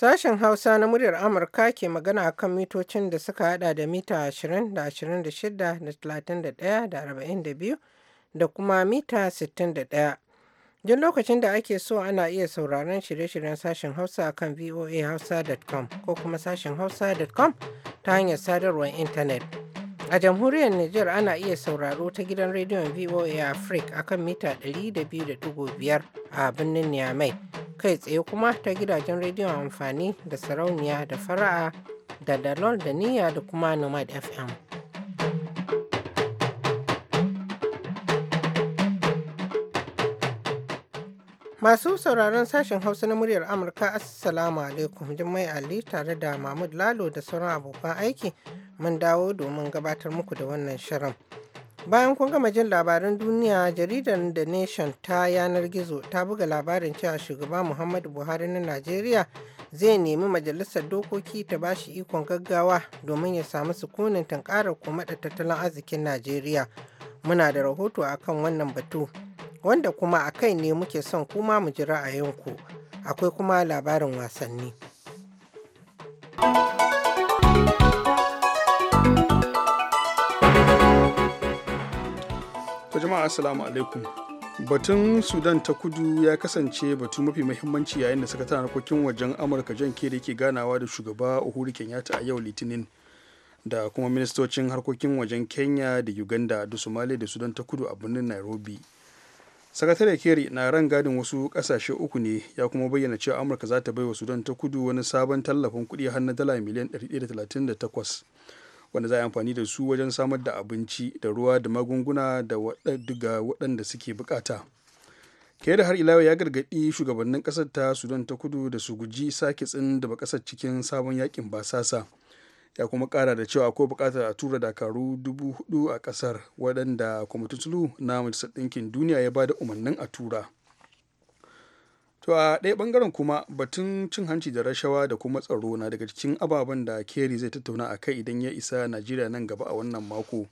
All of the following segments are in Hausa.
Sashen Hausa na muryar Amurka ke magana a kan mitocin da suka hada da mita 20 da 26 da 31 da 42 da kuma mita 61. Duk lokacin da ake so ana iya sauraron shirye-shiryen sashen Hausa a kan voahausa.com ko kuma sashen hausa.com ta hanyar sadarwar intanet. A jamhuriyar Nijar ana iya sauraro ta gidan rediyon VOA Africa kan mita biyar a birnin Niamey. Kai tsaye kuma ta gidajen rediyon amfani da sarauniya da fara'a da dalol da niyya da kuma nomad FM. Masu sauraron sashen Hausa na muryar Amurka Assalamu alaikum Jummai Ali tare da Mahmud Lalo da sauran abokan aiki mun dawo domin gabatar muku da wannan shirin. Bayan kun gama jin labaran duniya, jaridar da Nation ta yanar gizo ta buga labarin cewa shugaba Muhammadu Buhari na Najeriya zai nemi majalisar dokoki ta ba shi ikon gaggawa domin ya samu sukunin tankarar kuma da tattalin arzikin Najeriya. Muna da rahoto akan wannan batu, wanda kuma a kai ne muke son kuma mu ji ra'ayinku. Akwai kuma labarin wasanni. jama'a assalamu alaikum. Batun Sudan ta kudu ya kasance batu mafi mahimmanci yayin da sakataren harkokin wajen Amurka John Kerry ke ganawa da shugaba Uhuru Kenyatta a yau Litinin. da kuma ministocin harkokin wajen kenya da uganda da somalia da sudan ta kudu a birnin nairobi sakatare kerry na ran gadin wasu kasashe uku ne ya kuma bayyana cewa amurka za ta bai wa sudan ta kudu wani sabon tallafin kudi har na dala miliyan 138 wanda za a yi amfani da su wajen samar da abinci da ruwa da magunguna da ga waɗanda suke bukata ke da har ilawa ya gargaɗi shugabannin ƙasar ta sudan ta kudu da su guji sake tsin da ba ƙasar cikin sabon yakin basasa ya kuma ƙara da cewa akwai buƙatar a tura dakaru dubu hudu a ƙasar waɗanda kwamitin sulu na majalisar ɗinkin duniya ya ba da umarnin a tura to a ɗaya ɓangaren kuma batun cin hanci da rashawa da kuma tsaro na daga cikin ababen da kerry zai tattauna a kai idan ya isa najeriya nan gaba a wannan mako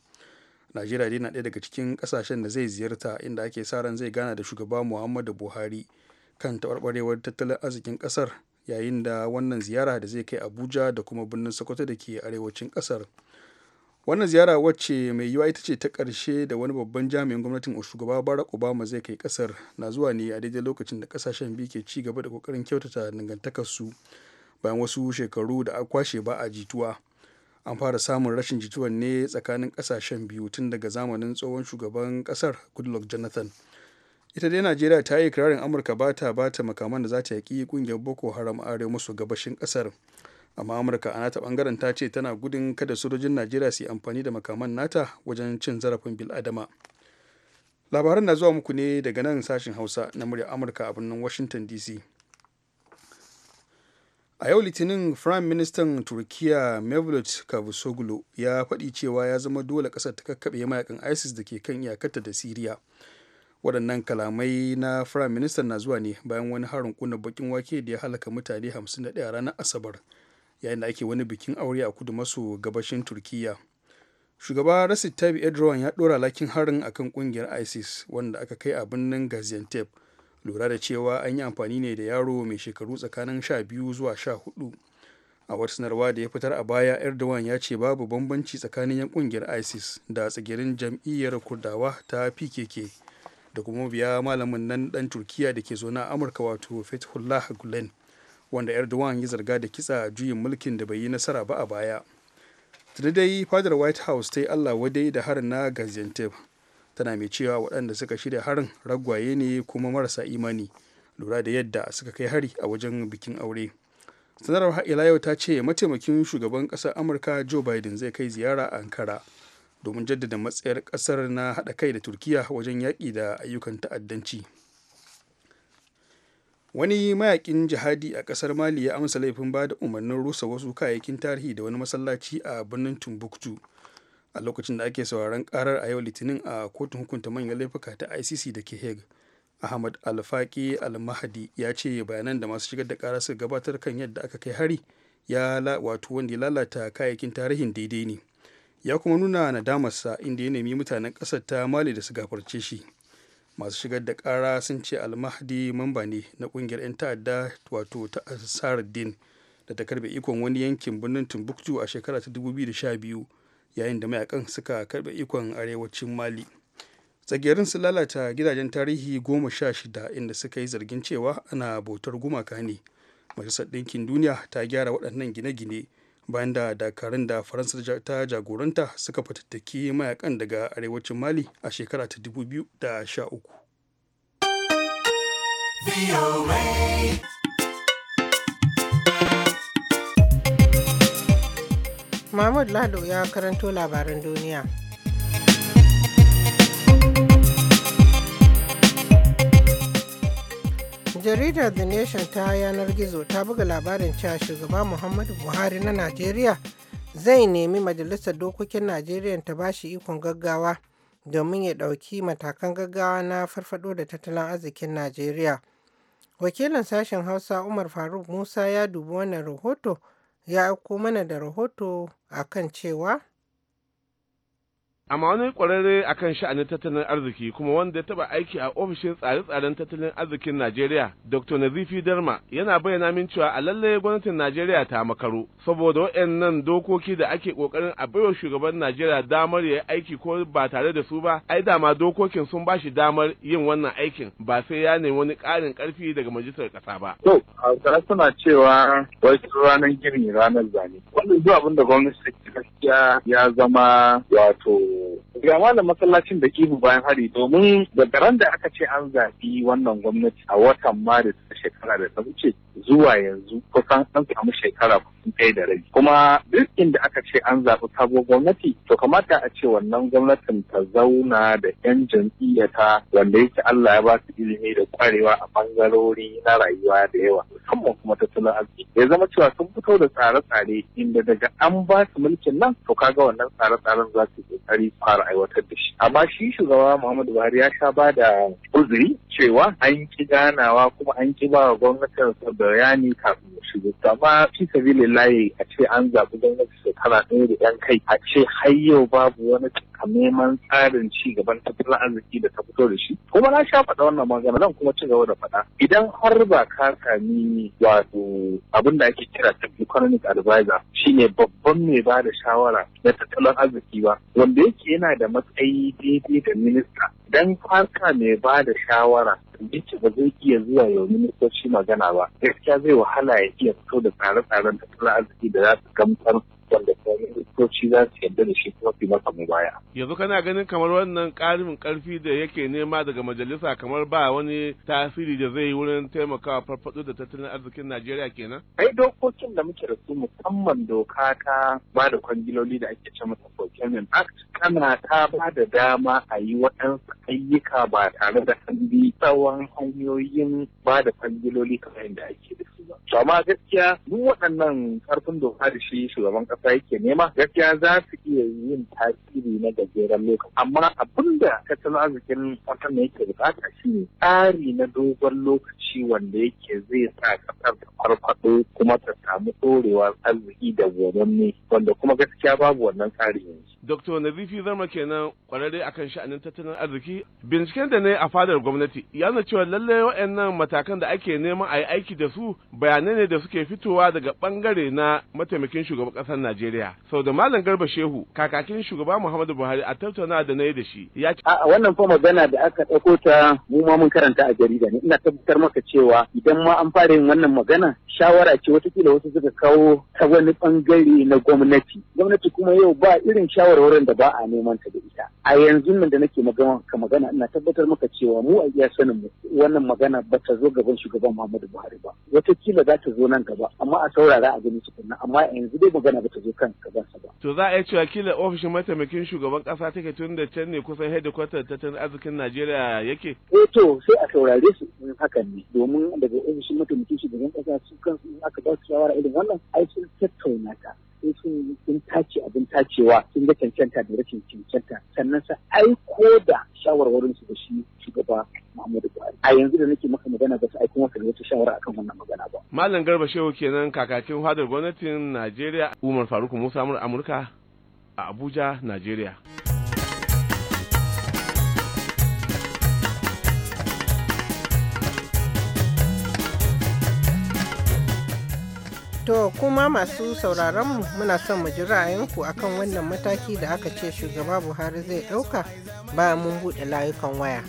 najeriya dai na ɗaya daga cikin ƙasashen da zai ziyarta inda ake sa ran zai gana da shugaba muhammadu buhari kan taɓarɓarewar tattalin arzikin ƙasar yayin da wannan ziyara da zai kai abuja da kuma birnin sokoto da ke arewacin ƙasar wannan ziyara wacce mai yiwa ita ce ta karshe da wani babban jami'in gwamnatin shugaba barack obama zai kai kasar na zuwa ne a daidai lokacin da kasashen biyu ke ci gaba da kokarin kyautata dangantakarsu bayan wasu shekaru da a kwashe ba a jituwa an fara samun rashin jituwan ne tsakanin kasashen biyu tun daga zamanin tsohon shugaban kasar goodluck jonathan ita dai najeriya ta yi kirarin amurka ba ta ba ta makaman da za ta yaƙi ƙungiyar boko haram arewa maso gabashin ƙasar amma amurka a nata bangaren ta ce tana gudun kada sojojin najeriya su yi amfani da makaman nata wajen cin zarafin bil adama labaran na zuwa muku ne daga nan sashen hausa na murya amurka a birnin washington dc a yau litinin prime ministan turkiya mevlut cavusoglu ya faɗi cewa ya zama dole ƙasar ta kakkaɓe mayakan isis da ke kan iyakarta da siriya waɗannan kalamai na prime minister na zuwa ne bayan wani harin kuna bakin wake da ya halaka mutane 51 a ranar asabar yayin da ake wani bikin aure a kudu maso gabashin turkiya shugaba Recep tabi Erdogan ya ɗora lakin harin akan ƙungiyar ISIS wanda aka kai a birnin Gaziantep lura da cewa an yi amfani ne da yaro mai shekaru tsakanin sha biyu zuwa sha hudu a wata sanarwa da ya fitar a baya Erdogan ya ce babu bambanci tsakanin yan ƙungiyar ISIS da tsigirin jam'iyyar Kurdawa ta PKK da kuma biya malamin nan dan Turkiya da ke zaune a Amurka wato Fethullah Gulen wanda erdogan ya zarga da kitsa juyin mulkin da bai yi nasara ba a baya tuni dai fadar white house ta yi allah wadai da harin na gaziantep tana mai cewa waɗanda suka shirya harin ragwaye ne kuma marasa imani lura da yadda suka kai hari a wajen bikin aure sanarwar haila yau ta ce mataimakin shugaban ƙasar amurka joe biden zai kai ziyara a ankara domin jaddada matsayar ƙasar na haɗa kai da turkiya wajen yaƙi da ayyukan ta'addanci wani mayakin jihadi a kasar mali ya amsa laifin ba da umarnin rusa wasu kayayyakin tarihi da wani masallaci a birnin tumbuktu a lokacin da ake sauraron karar a yau litinin a kotun hukunta manyan laifuka ta icc da ke hague ahmad alfaki almahadi ya ce bayanan da masu shigar da kara suka gabatar kan yadda aka kai hari ya wato wanda ya lalata kayayyakin tarihin daidai ne ya kuma nuna nadamarsa inda ya nemi mutanen ƙasar ta mali da su gafarce shi masu shigar da kara sun ce almahdi mamba ne na kungiyar 'yan ta'adda wato ta ansaruddin da ta karbe ikon wani yankin birnin timbuktu a shekara ta 2012 yayin da mayakan suka karbe ikon arewacin mali tsagerin su lalata gidajen tarihi goma sha shida inda suka yi zargin cewa ana bautar gumaka ne majalisar ɗinkin duniya ta gyara waɗannan gine-gine bayan da dakarun da faransa ta jagoranta suka fatattaki mayakan daga arewacin mali a shekara ta 2013 Mahmud Lado ya karanto labaran duniya. jaridar the nation ta yanar gizo ta buga labarin cewa shugaba muhammadu buhari na najeriya zai nemi majalisar dokokin najeriya ta bashi ikon gaggawa domin ya ɗauki matakan gaggawa na farfado da tattalin arzikin najeriya wakilin sashen hausa umar faruk musa ya dubi wannan rahoto ya aiko mana da rahoto a kan cewa amma wani kwararre akan sha'anin tattalin arziki kuma wanda ya taba aiki a ofishin tsare-tsaren tattalin arzikin Najeriya Dr. Nazifi Darma yana bayyana min cewa a lallai gwamnatin Najeriya ta makaro saboda waɗannan dokoki da ake kokarin a baiwa shugaban Najeriya damar ya aiki ko ba tare da su ba ai da ma dokokin sun ba shi damar yin wannan aikin ba sai ya nemi wani ƙarin ƙarfi daga majalisar ƙasa ba. To, Hausawa suna cewa wai ranar gini ranar zane. Wannan zuwa abin da gwamnati ta gaskiya ya zama wato ga malam masallacin da kibu bayan hari domin da garan da aka ce an zafi wannan gwamnati a watan maris shekara da ta wuce zuwa yanzu kusan an samu shekara kusan ɗaya da rai. kuma duk inda aka ce an zaɓi sabuwar gwamnati to kamata a ce wannan gwamnatin ta zauna da 'yan jam'iyyata wanda yake Allah ya ba su ilimi da ƙwarewa a bangarori na rayuwa da yawa musamman kuma tattalin arziki ya zama cewa sun fito da tsare-tsare inda daga an ba su mulkin nan to kaga wannan tsare-tsaren za su ƙoƙari fara aiwatar da shi amma shi shugaba Muhammadu Buhari ya sha ba da uzuri cewa an ki ganawa kuma an ki ba gwamnatin da bayani kafin mu shigo to amma fi sabilillahi a ce an zaɓi gwamnati shekara ɗaya da yan kai a ce har yau babu wani takamaiman tsarin ci gaban tattalin arziki da ta fito da shi kuma na sha faɗa wannan magana zan kuma ci gaba da faɗa idan har ba ka sami wato abin da ake kira ta economic advisor shine babban mai ba da shawara na tattalin arziki ba wanda yake yana da matsayi daidai da minista dan farka mai ba da shawara yake ba zai iya zuwa yau ministoci magana ba da gaskiya zai wahala ya iya fito da tsare-tsaren tattalin arziki da za su gamsar wanda ministoci za su yarda da shi kuma su masa baya. Yanzu kana ganin kamar wannan ƙarin karfi da yake nema daga majalisa kamar ba wani tasiri da zai yi wurin taimakawa farfaɗo da tattalin arzikin Najeriya kenan? Ai dokokin da muke da su musamman doka ta ba da kwangiloli da ake ce masa Procurement Act kana ta ba da dama a yi waɗansu ayyuka ba tare da an bi tsawon hanyoyin ba da kwangiloli kamar yadda ake da su ba. To amma gaskiya duk waɗannan karfin doka da shi shugaban ƙasa ƙasa yake nema gaskiya za su iya yin tasiri na gajeren lokaci amma abin da tattalin arzikin ƙasar ne yake bukata shi ne tsari na dogon lokaci wanda yake zai sa ƙasar ta farfaɗo kuma ta samu ɗorewar arziki da ne wanda kuma gaskiya babu wannan tsari yanzu. Dr. Nazifi Zarma kenan kwararre akan sha'anin tattalin arziki. Binciken da ne a fadar gwamnati ya nuna cewa lalle waɗannan matakan da ake neman a yi aiki da su bayanai ne da suke fitowa daga bangare na mataimakin shugaban kasar Najeriya. Sau da Malam Garba Shehu kakakin shugaba Muhammadu Buhari a tattauna da na yi da shi ya ce. A wannan fa magana da aka ɗauko ta mu ma mun karanta a jarida ne ina tabbatar maka cewa idan ma an fara yin wannan magana shawara ce watakila wasu suka kawo ta wani bangare na gwamnati. Gwamnati kuma yau ba irin shawara wurin da ba a neman ta da ita a yanzu nan da nake magana magana ina tabbatar maka cewa mu a iya sanin mu wannan magana ba ta zo gaban shugaban Muhammadu Buhari ba kila za ta zo nan gaba amma a saurara a gani tukunna amma yanzu dai magana ba ta zo kan gabansa ba to za a yi cewa kila ofishin mataimakin shugaban kasa take tun da can ne kusan headquarter tattalin arzikin Najeriya yake eh to sai a saurare su in hakan ne domin daga ofishin mataimakin shugaban kasa su kansu aka ba su shawara irin wannan ai sun tattauna ta sai sun sun tace abin tacewa sun ga cancanta da rashin cancanta sannan sa aiko da shawarwarin su da shi shugaba Muhammadu Buhari a yanzu da nake maka magana ba su aiko maka wata shawara akan wannan magana ba Malam Garba Shehu kenan kakakin fadar gwamnatin Najeriya Umar Faruk Musa Amurka a Abuja Najeriya To kuma masu sauraron mu muna son mu ji ra'ayinku akan wannan mataki da aka ce shugaba Buhari zai ɗauka bayan mun buɗe layukan waya.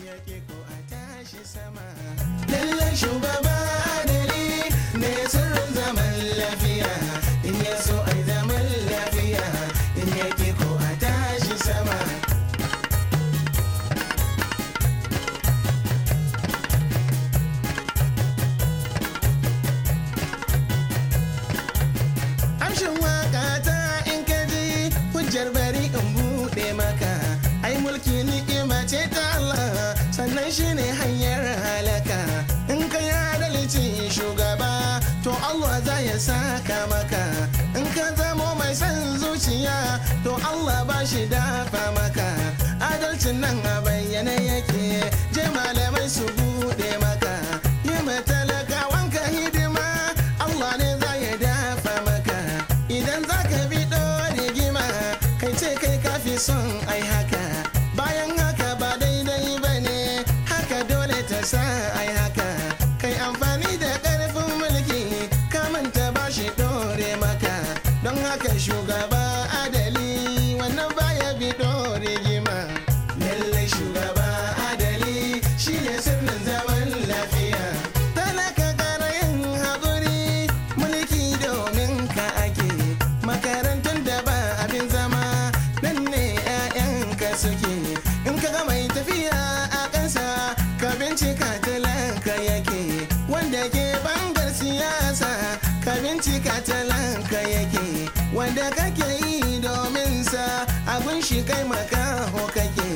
taimaka makaho kake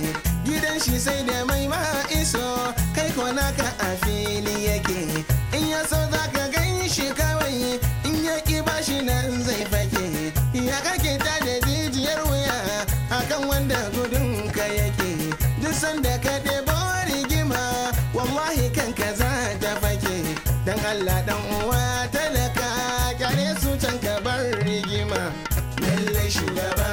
gidan shi sai da mai ma iso kai ko ka a fili yake in ya so za ka gan shi kawai in ya ki ba shi nan zai fake ya kake ta da jijiyar wuya akan wanda gudun ka yake duk sanda ka debo rigima wallahi kanka za ta fake dan Allah dan uwa talaka kare su can ka bar rigima lallai shugaba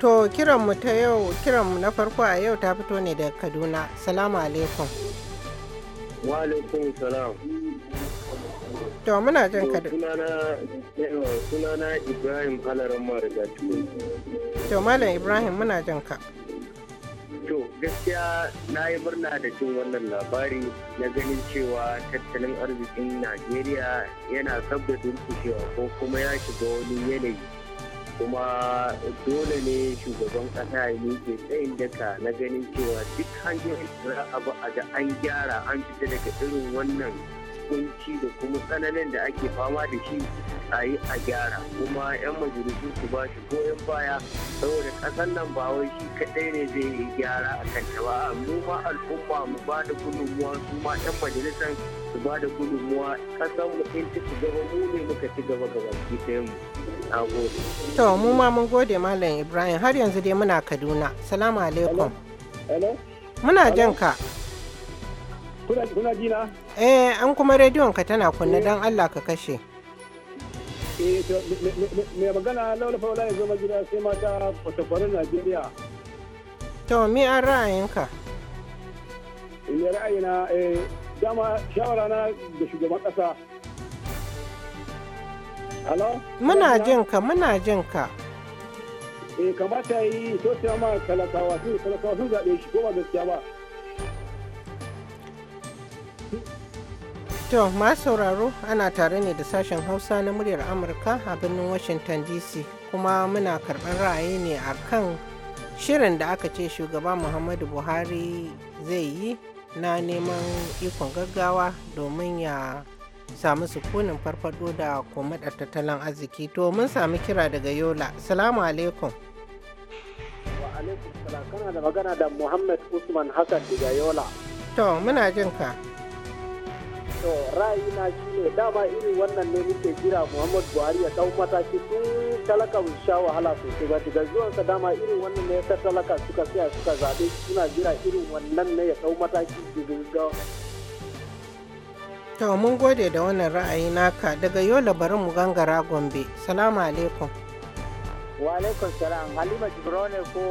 To kiranmu ta yau kiranmu na farko a yau ta fito ne daga Kaduna. Salamu alaikum. Wa alaikum salam. To muna jin ka eh, Sunana Ibrahim Halaran To Malam Ibrahim muna jin ka. To gaskiya na yi murna da jin wannan labari na ganin cewa tattalin arzikin Najeriya yana sabda da ko kuma ya shiga wani yanayi. kuma dole ne shugaban kasa ya ke tsayin daka na ganin cewa duk hanyoyin da abu a da an gyara an fita daga irin wannan hukunci da kuma tsananin da ake fama da shi a yi a gyara kuma 'yan majalisun su ba shi goyon baya saboda ƙasar nan ba wai shi kaɗai ne zai yi gyara a kan ta ba mu ma al'umma mu ba da gudunmuwa su ma 'yan majalisan su ba da gudunmuwa ƙasar mu in ci gaba mu ne muka ci gaba gaba sai mu. To mu ma mun gode Malam Ibrahim har yanzu dai muna Kaduna. Salamu alaikum. Muna jan ka. Eh, an kuma rediyon ka tana kunna don Allah ka kashe. Eh, mai magana laula faula ya zama gida sai mata kwatakwarin Najeriya. To, mi an ra'ayinka? Ina eh, ra'ayina, eh, dama shawara na da shugaban kasa. Halo? Muna jin ka, muna jin ka. Eh, kamata yi sai ma talakawa, sun talakawa sun zaɓe shi ko ba gaskiya ba. To masu sauraro ana tare ne da sashen Hausa na muryar Amurka a birnin Washington DC kuma muna karɓar ra'ayi ne a kan shirin da aka ce shugaba Muhammadu Buhari zai yi na neman ikon gaggawa domin ya samu sukunin farfado da kuma tattalin arziki to mun sami kira daga yola salamu alaikum kana da magana da muhammad usman Hassan daga yola to muna jinka ka to ra'ayina shi ne dama irin wannan ne muke jira muhammadu buhari ya dau mataki tun talaka mu sha wahala sosai ba daga sa, dama irin wannan ne ya talaka suka tsaya suka zaɓe suna jira irin wannan ne ya dau mataki daga To mun gode da wannan ra'ayi naka daga Yola bari mu gangara Gombe. Salamu alaikum. Wa alaikum salam. Halima Jibrone ko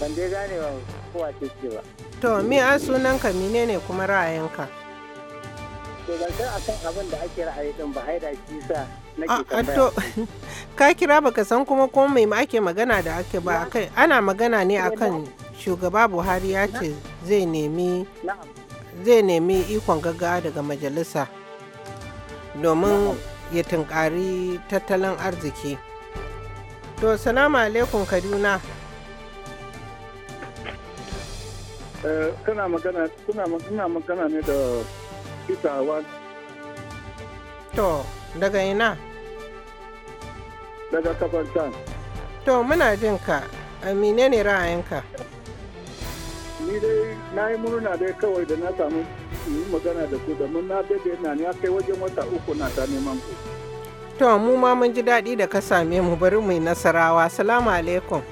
ban dai gane ba ko wace ce ba. To me a sunanka menene kuma ra'ayinka? to ban da ake ra'ayi din ba haida shi sa ka kira baka san kuma ko mai ma ake magana da ake ba akai ana magana ne akan shugaba Buhari ya ce zai nemi zai nemi ikon gaggawa daga majalisa domin ya tunkari tattalin arziki to salamu alaikum kaduna eh, kuna magana ne da Taiwan. To, daga ina? Daga kafantan. To, muna jin ka, amine ne ra'ayinka. Ni dai na yi murna dai kawai da na samu yi magana da ku da mun na dade na ni kai wajen wata uku na ta neman ku. To, mu ma mun ji daɗi da ka same mu bari mu yi nasarawa. Salamu alaikum.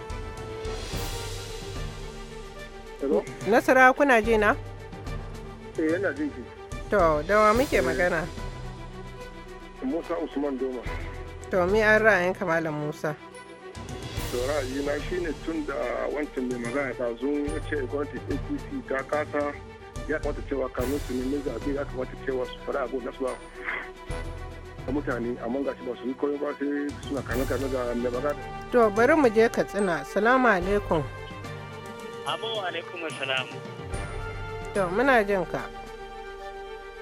Nasarawa kuna ji na? Eh, yana jin ki. To, dawa muke eh. magana. Musa Usman Doma. To, mi an ra'ayin kamalan Musa? To, na shi ne tun da wancan mai magana ta zo ya ce gwamnati APC ta kasa ya kamata cewa kamun su nemi zaɓe ya kamata cewa su fara abu nasu ba. Da mutane amma ga shi ba su yi koyo ba sai suna kame kame ga mai magana. To, bari mu je Katsina. Salamu alaikum. Abu alaikum salam. To, muna jin ka.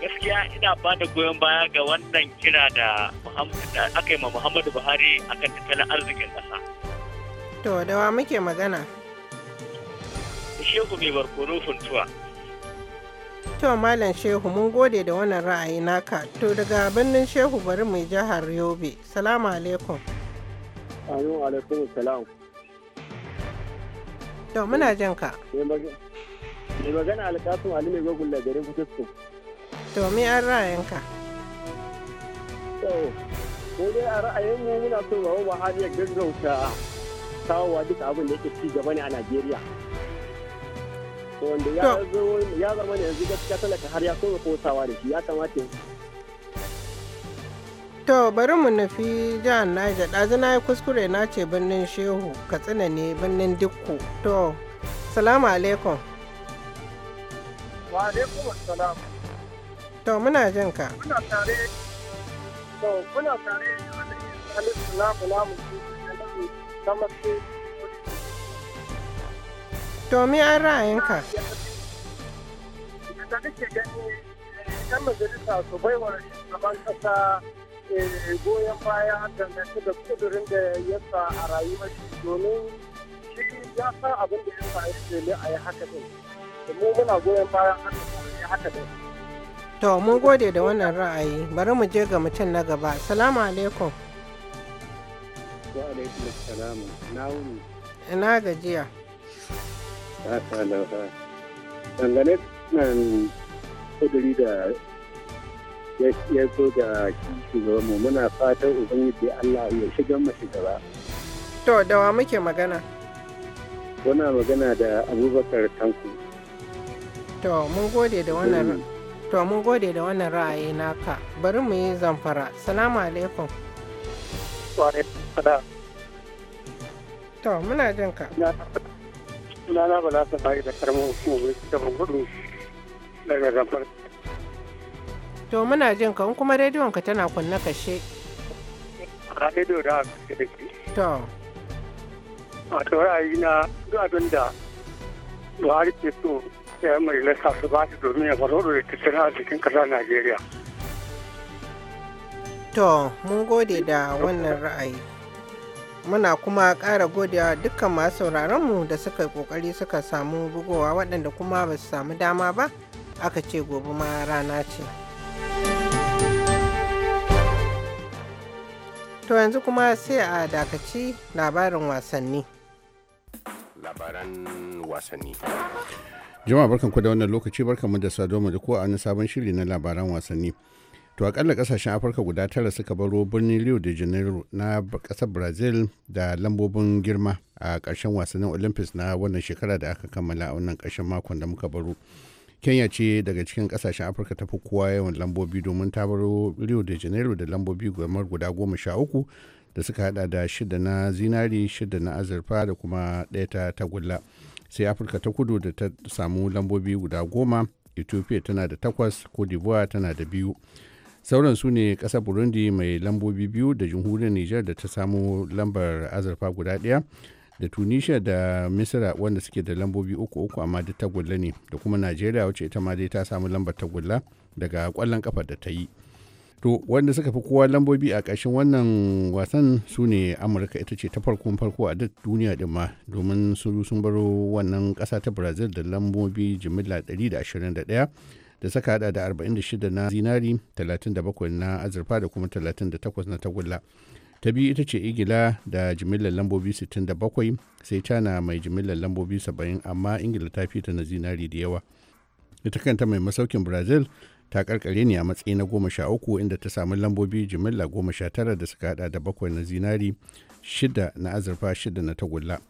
gaskiya ina ba da goyon baya ga wannan kira da aka yi ma muhammadu buhari akan tattalin arzikin ƙasa to da wa muke magana shehu mai barkono funtuwa to malam shehu mun gode da wannan ra'ayi naka to daga birnin shehu bari mai jihar yobe salamu alaikum Ayo, alaikum salam to muna jinka. ka mai magana alkasun ali mai gwagwula garin fitosko to me an ra'ayin ka ko dai a ra'ayin mu muna so ba wa hali gaggauta kawowa duka abin da yake ci gaba ne a Najeriya wanda ya zo ya zama ne yanzu gaskiya talaka har ya so kosawa da shi ya kamata To bari mu nufi jihar Niger ɗazu na yi kuskure na ce birnin Shehu Katsina ne birnin Dikku. To, salamu alaikum. Wa alaikum assalam. To muna jin ka. Muna tare to muna tare da halittu na kula mu na masu To me an ra'ayinka? Da nake gani eh, yan majalisa su baiwa shugaban kasa eh, goyon baya dangance da kudurin da ya sa a rayuwar shi domin shi ya san abin da ya sa ya a yi haka din. Mu muna goyon bayan haka din. To mun gode da wannan ra'ayi bari mu je ga mutum na gaba. Salamu alaikum. Wa alaikum salamu. Na wuni. Ina gajiya. Ba ta lauha. Dangane nan kuduri da ya zo da shugaban mu muna fatan yadda Allah ya shiga mashi gaba. To da wa muke magana? Muna magana da Abubakar Tanko. To mun gode da wannan To mun gode da wannan ra'ayi naka. Bari mu yi zamfara. Salamu alaikum. To muna jin ka. Na na bala ta bai da karamin hukumar ta gudu daga zamfara. To muna jin ka kuma rediyon ka tana kunna kashe. A Rediyo da aka da ke. To. Wato ra'ayi na duk abin da Buhari ke so 'yan majalisa su ba su domin ya faru da tattalin arzikin ƙasar Najeriya. To, mun gode da wannan ra'ayi. Muna kuma ƙara godewa dukkan masu sauraronmu da suka yi ƙoƙari suka samu bugowa waɗanda kuma ba su samu dama ba, aka ce gobe ma rana ce. To yanzu kuma sai a dakaci labarin wasanni. Labaran wasanni. Jama'a barkanku da wannan lokaci mu da sadoma da ko a wani sabon shiri na labaran wasanni. To a akalla kasashen Afirka guda tara suka baro birnin Rio de Janeiro na kasar Brazil da lambobin girma a ƙarshen wasannin Olympics na wannan shekara da aka kammala a wannan karshen makon da muka baro. kenya ce daga cikin kasashen afirka ta fi kowa yawan lambobi domin ta baro rio de janeiro da lambobi gamar guda goma sha uku da suka hada da shida na zinari shida na azurfa da kuma ɗaya ta tagulla sai afirka ta kudu da ta samu lambobi guda goma ethiopia tana da takwas ko d'ivoire tana da biyu sauran su ne ƙasar burundi mai lambobi biyu da jamhuriyar niger da ta samu lambar azurfa guda daya da tunisia da misira wanda suke da lambobi uku uku amma duk tagulla ne da kuma najeriya wacce ita ma dai ta samu lambar tagulla daga kwallon kafa da ta yi to wanda suka fi kowa lambobi a ƙarshen wannan wasan su ne amurka ita ce ta farko farko a duk duniya din ma domin su sun baro wannan ƙasa ta brazil da lambobi jimilla 121 da saka hada da 46 na zinari 37 na azurfa da kuma 38 na tagulla ta biyu ita ce ingila da jimillar lambobi 67 sai china mai jimillar lambobi 70 amma ingila ta fita na zinari da yawa ita kanta mai masaukin brazil ta karkare ne a matsayi na goma sha uku inda ta samu lambobi jimilla goma sha tara da suka hada da bakwai na zinari shida na azurfa shida na tagulla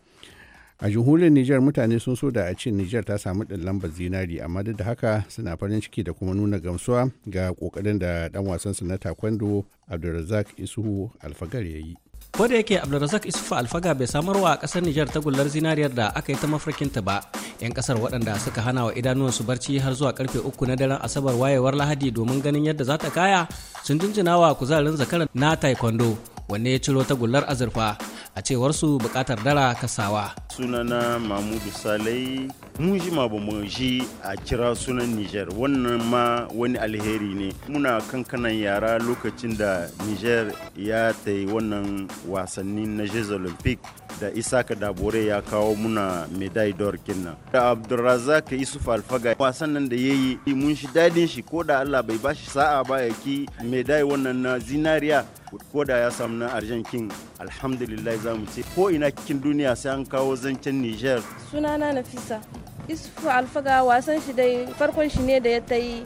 a jamhuriyar Nijar mutane sun so da a ce Nijar ta samu ɗin lambar zinari amma duk da haka suna farin ciki da kuma nuna gamsuwa ga kokarin da dan wasansu na taekwondo abdulrazak isuhu alfagar ya yi ko da yake abdulrazak isufa alfaga bai samarwa kasar nijar tagullar zinariyar da aka yi ta mafarkinta ba yan kasar waɗanda suka hana wa idanuwansu barci har zuwa karfe uku na daren asabar wayewar lahadi domin ganin yadda za ta kaya sun jinjina wa kuzarin zakaran na taekwondo wanne ya ciro tagullar azurfa a cewar su bukatar dala kasawa sunana mamudu salai mun ji ma bamu ji a kira sunan niger wannan ma wani alheri ne muna kankanan yara lokacin da niger ya ta yi wannan wasannin na jez olympic da isaka da dabore ya kawo muna medai dor kenan da abdulrazak yusuf alfaga wasan nan da ya yi mun shi dadin shi ko da allah bai bashi sa'a ba ya ki medai wannan na zinariya ko da ya samu na arjen king alhamdulillah za mu ce ko ina cikin duniya sai an kawo zancen niger sunana nafisa yusuf alfaga wasan shi dai farkon shi ne da ya ta yi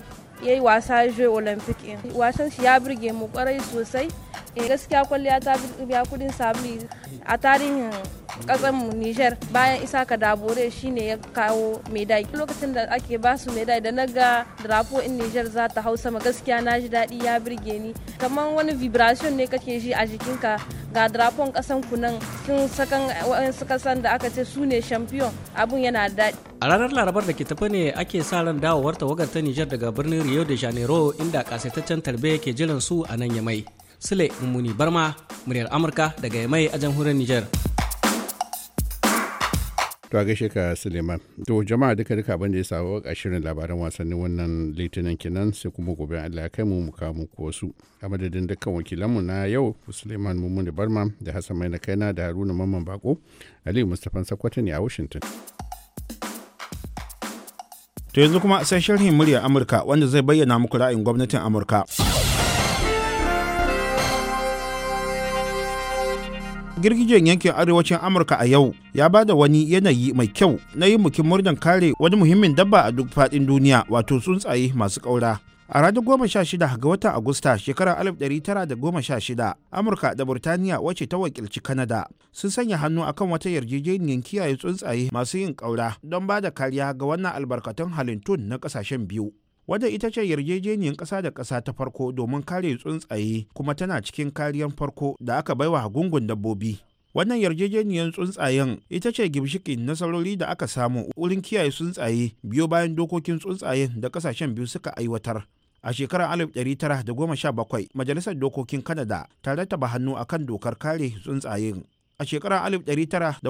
wasa jo olympic wasan shi ya burge mu kwarai sosai Eh, gaskiya kwalliya ta biya kudin sabulu a tarihin kasar nijar Niger bayan ka Dabore ne ya kawo medai lokacin da ake ba su medai da na ga drapo in Niger za ta hau sama gaskiya na ji daɗi ya birge ni kamar wani vibration ne kake ji a jikinka ga drapon kasan ku nan kin sakan wayansu kasan da aka ce su ne champion abun yana daɗi a ranar larabar da ke tafi ne ake sa ran dawowar tawagar ta Niger daga birnin Rio de Janeiro inda kasaitaccen tarbe ke jiran su a nan Yamai Sule Mummuni Barma, muryar Amurka daga Yamai a jamhuriyar Nijar. To a gaishe ka Suleiman. To jama'a duka duka abin da ya sawo a shirin labaran wasannin wannan litinin kinan sai kuma gobe Allah kai mu mu ko su. wasu. A madadin dukkan wakilanmu na yau Suleiman Mummuni Barma da Hassan Maina Kaina da Haruna Mamman Bako, Aliyu Mustapha Sakwata ne a Washington. To yanzu kuma sai sharhin murya Amurka wanda zai bayyana muku ra'ayin gwamnatin Amurka. girgijen yankin arewacin amurka a yau ya ba da wani yanayi mai kyau na yin bikin murnar kare wani muhimmin dabba a duk faɗin duniya wato tsuntsaye masu kaura. a ranar goma sha shida ga watan agusta shekarar alif ɗari tara da goma sha shida amurka da burtaniya wacce ta wakilci kanada sun sanya hannu akan wata yarjejeniyar kiyaye tsuntsaye masu yin kaura don ba da kariya ga wannan albarkatun halittun na ƙasashen biyu wadda ita ce yarjejeniyar ƙasa da ƙasa ta farko domin kare tsuntsaye kuma tana cikin kariyar farko da aka baiwa gungun dabbobi wannan yarjejeniyar tsuntsayen ita ce gimshikin nasarori da aka samu wurin kiyaye tsuntsaye biyo bayan dokokin tsuntsayen da ƙasashen biyu suka aiwatar a shekarar 1917 majalisar dokokin kanada ta rattaba hannu akan dokar kare tsuntsayen a shekarar 1918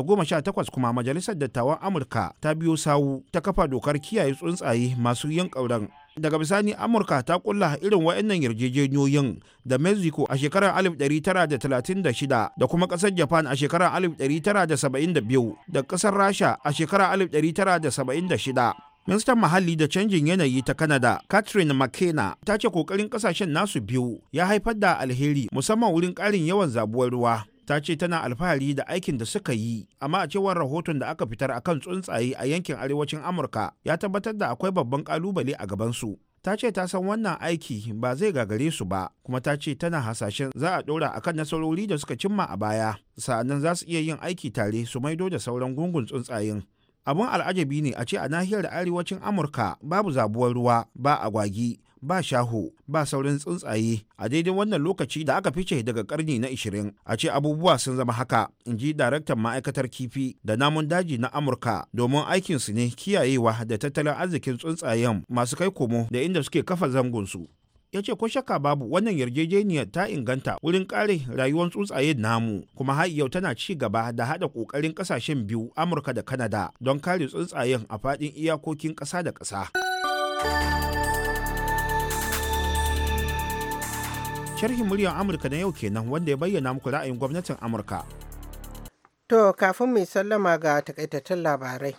kuma majalisar dattawan amurka ta biyo sawu ta kafa dokar kiyaye tsuntsaye masu yin ƙauran daga bisani amurka ta kulla irin wa'annan yarjejeniyoyin da mexico a shekarar 1936 da kuma kasar japan a shekarar 1972 da kasar rasha a shekarar 1976 ministan mahalli da canjin yanayi ta kanada catherine mckenna ta ce kokarin kasashen nasu biyu ya haifar da alheri musamman wurin karin yawan zabuwar ruwa ta ce tana alfahari da aikin da suka yi amma a cewar rahoton da aka fitar akan tsuntsaye a yankin arewacin amurka ya tabbatar da akwai babban kalubale a gabansu ta ce ta san wannan aiki ba zai gagare su ba kuma ta ce tana hasashen za a dora akan nasarori da suka cimma a baya sa'annan za su iya yin aiki tare su maido da sauran gungun tsuntsayen abun al'ajabi ne a ce a nahiyar arewacin amurka babu zabuwar ruwa ba agwagi ba shaho ba saurin tsuntsaye a daidai wannan lokaci da aka fice daga karni na 20 a ce abubuwa sun zama haka in ji daraktan ma'aikatar kifi da namun daji na amurka domin aikin su ne kiyayewa da tattalin arzikin tsuntsayen masu kai komo da inda suke kafa zangonsu ya ce ko shakka babu wannan yarjejeniyar ta inganta wurin kare rayuwar tsuntsaye namu kuma har yau tana ci gaba da haɗa ƙoƙarin ƙasashen biyu amurka da kanada don kare tsuntsayen a faɗin iyakokin ƙasa da ƙasa. sharhin muryar amurka na yau kenan wanda ya bayyana muku ra'ayin gwamnatin amurka to kafin mai sallama ga takaitattun labarai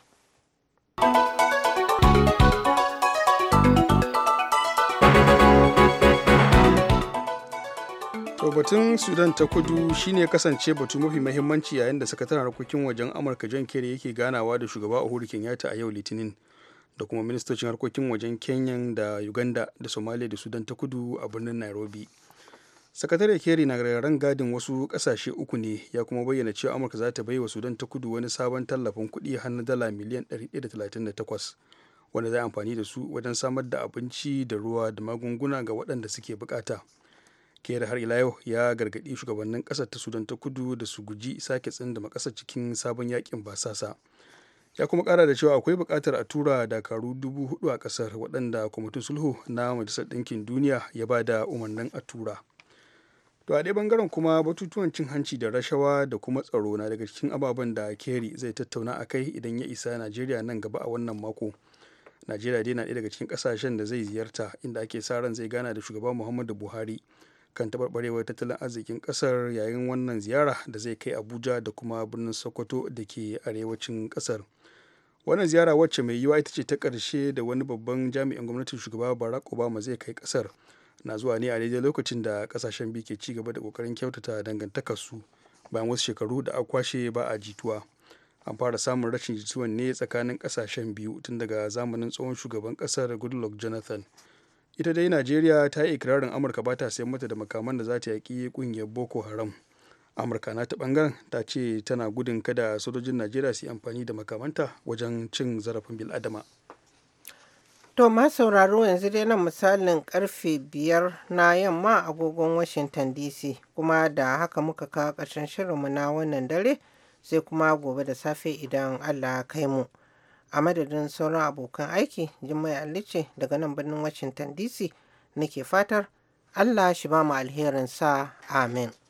to batun sudan ta kudu shine kasance batu mafi mahimmanci yayin da sakataren harkokin wajen amurka john kerry yake ganawa da shugaba a kenyatta a yau litinin da kuma ministocin harkokin wajen kenya da uganda da somalia da sudan ta kudu a birnin nairobi sakatare kerry na ran gadin wasu kasashe uku ne ya kuma bayyana cewa amurka za ta bai wa sudan ta kudu wani sabon tallafin kudi har na dala miliyan 138 wanda za amfani da su wajen samar da abinci da ruwa da magunguna ga waɗanda suke bukata kerry har ila yau ya gargaɗi shugabannin ƙasar ta sudan ta kudu da su guji sake ma kasa cikin sabon yakin basasa ya kuma kara da cewa akwai bukatar a tura dakaru dubu hudu a ƙasar waɗanda kwamitin sulhu na majalisar ɗinkin duniya ya ba da umarnin a tura to a ɗaya bangaren kuma batutuwan cin hanci da rashawa da kuma tsaro na daga cikin ababen da kerry zai tattauna a kai idan ya isa najeriya nan gaba a wannan mako najeriya dai na ɗaya daga cikin ƙasashen da zai ziyarta inda ake sa ran zai gana da shugaba muhammadu buhari kan taɓarɓarewar tattalin arzikin ƙasar yayin wannan ziyara da zai kai abuja da kuma birnin sokoto da ke arewacin ƙasar wannan ziyara wacce mai yiwuwa ita ce ta ƙarshe da wani babban jami'in gwamnatin shugaba barack obama zai kai ƙasar na zuwa ne a daidai lokacin da kasashen biyu ke ci gaba da kokarin kyautata dangantakarsu bayan wasu shekaru da aka kwashe ba a jituwa an fara samun rashin jituwan ne tsakanin kasashen biyu tun daga zamanin tsohon shugaban kasar goodluck jonathan ita dai najeriya ta yi ikirarin amurka ba ta sayan mata da makaman da za ta yaƙi ƙungiyar boko haram amurka na ta bangaren ta ce tana gudun kada sojojin najeriya su yi amfani da makamanta wajen cin zarafin bil'adama. To sauraro yanzu dai nan misalin karfe biyar na yamma a agogon Washington DC kuma da haka muka kawo ƙarshen shirinmu na wannan dare sai kuma gobe da safe idan Allah kai mu. A madadin sauran abokan aiki Jummai Alice daga nan birnin Washington DC nake fatar Allah shi ba mu alherin sa amin.